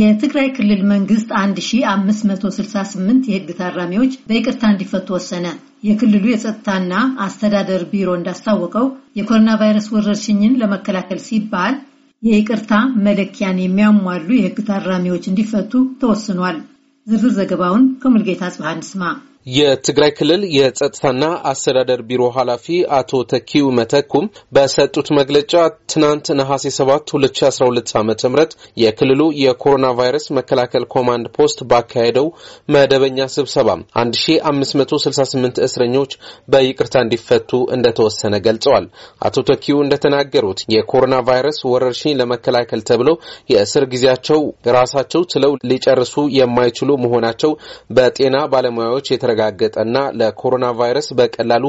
የትግራይ ክልል መንግስት 1568 የህግ ታራሚዎች በይቅርታ እንዲፈቱ ወሰነ። የክልሉ የጸጥታና አስተዳደር ቢሮ እንዳስታወቀው የኮሮና ቫይረስ ወረርሽኝን ለመከላከል ሲባል የይቅርታ መለኪያን የሚያሟሉ የህግ ታራሚዎች እንዲፈቱ ተወስኗል። ዝርዝር ዘገባውን ከሙልጌታ ጽብሃ እንስማ። የትግራይ ክልል የጸጥታና አስተዳደር ቢሮ ኃላፊ አቶ ተኪው መተኩም በሰጡት መግለጫ ትናንት ነሐሴ 7 2012 ዓ ም የክልሉ የኮሮና ቫይረስ መከላከል ኮማንድ ፖስት ባካሄደው መደበኛ ስብሰባ 1568 እስረኞች በይቅርታ እንዲፈቱ እንደተወሰነ ገልጸዋል። አቶ ተኪው እንደተናገሩት የኮሮና ቫይረስ ወረርሽኝ ለመከላከል ተብለው የእስር ጊዜያቸው ራሳቸው ትለው ሊጨርሱ የማይችሉ መሆናቸው በጤና ባለሙያዎች የተረ የተረጋገጠና ለኮሮና ቫይረስ በቀላሉ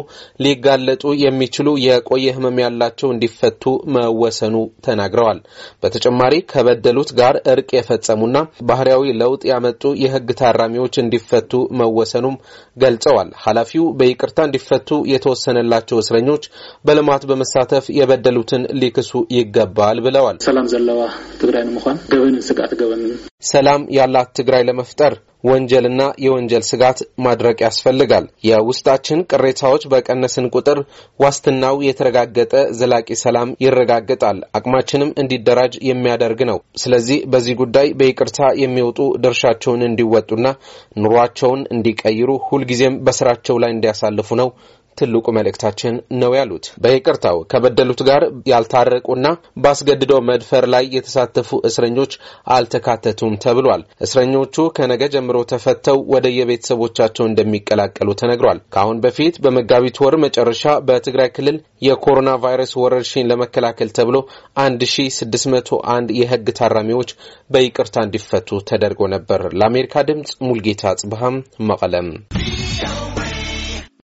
ሊጋለጡ የሚችሉ የቆየ ህመም ያላቸው እንዲፈቱ መወሰኑ ተናግረዋል። በተጨማሪ ከበደሉት ጋር እርቅ የፈጸሙና ባህርያዊ ለውጥ ያመጡ የህግ ታራሚዎች እንዲፈቱ መወሰኑም ገልጸዋል። ኃላፊው በይቅርታ እንዲፈቱ የተወሰነላቸው እስረኞች በልማት በመሳተፍ የበደሉትን ሊክሱ ይገባል ብለዋል። ሰላም ዘለዋ ትግራይ ንምኳን ገበንን ስጋት ገበንን ሰላም ያላት ትግራይ ለመፍጠር ወንጀልና የወንጀል ስጋት ማድረቅ ያስፈልጋል። የውስጣችን ቅሬታዎች በቀነስን ቁጥር ዋስትናው የተረጋገጠ ዘላቂ ሰላም ይረጋገጣል፣ አቅማችንም እንዲደራጅ የሚያደርግ ነው። ስለዚህ በዚህ ጉዳይ በይቅርታ የሚወጡ ድርሻቸውን እንዲወጡና ኑሯቸውን እንዲቀይሩ ሁልጊዜም በስራቸው ላይ እንዲያሳልፉ ነው ትልቁ መልእክታችን ነው ያሉት በይቅርታው ከበደሉት ጋር ያልታረቁና በአስገድደው መድፈር ላይ የተሳተፉ እስረኞች አልተካተቱም ተብሏል። እስረኞቹ ከነገ ጀምሮ ተፈተው ወደ የቤተሰቦቻቸው እንደሚቀላቀሉ ተነግሯል። ከአሁን በፊት በመጋቢት ወር መጨረሻ በትግራይ ክልል የኮሮና ቫይረስ ወረርሽኝ ለመከላከል ተብሎ 1601 የህግ ታራሚዎች በይቅርታ እንዲፈቱ ተደርጎ ነበር። ለአሜሪካ ድምፅ ሙልጌታ ጽብሃም መቀለም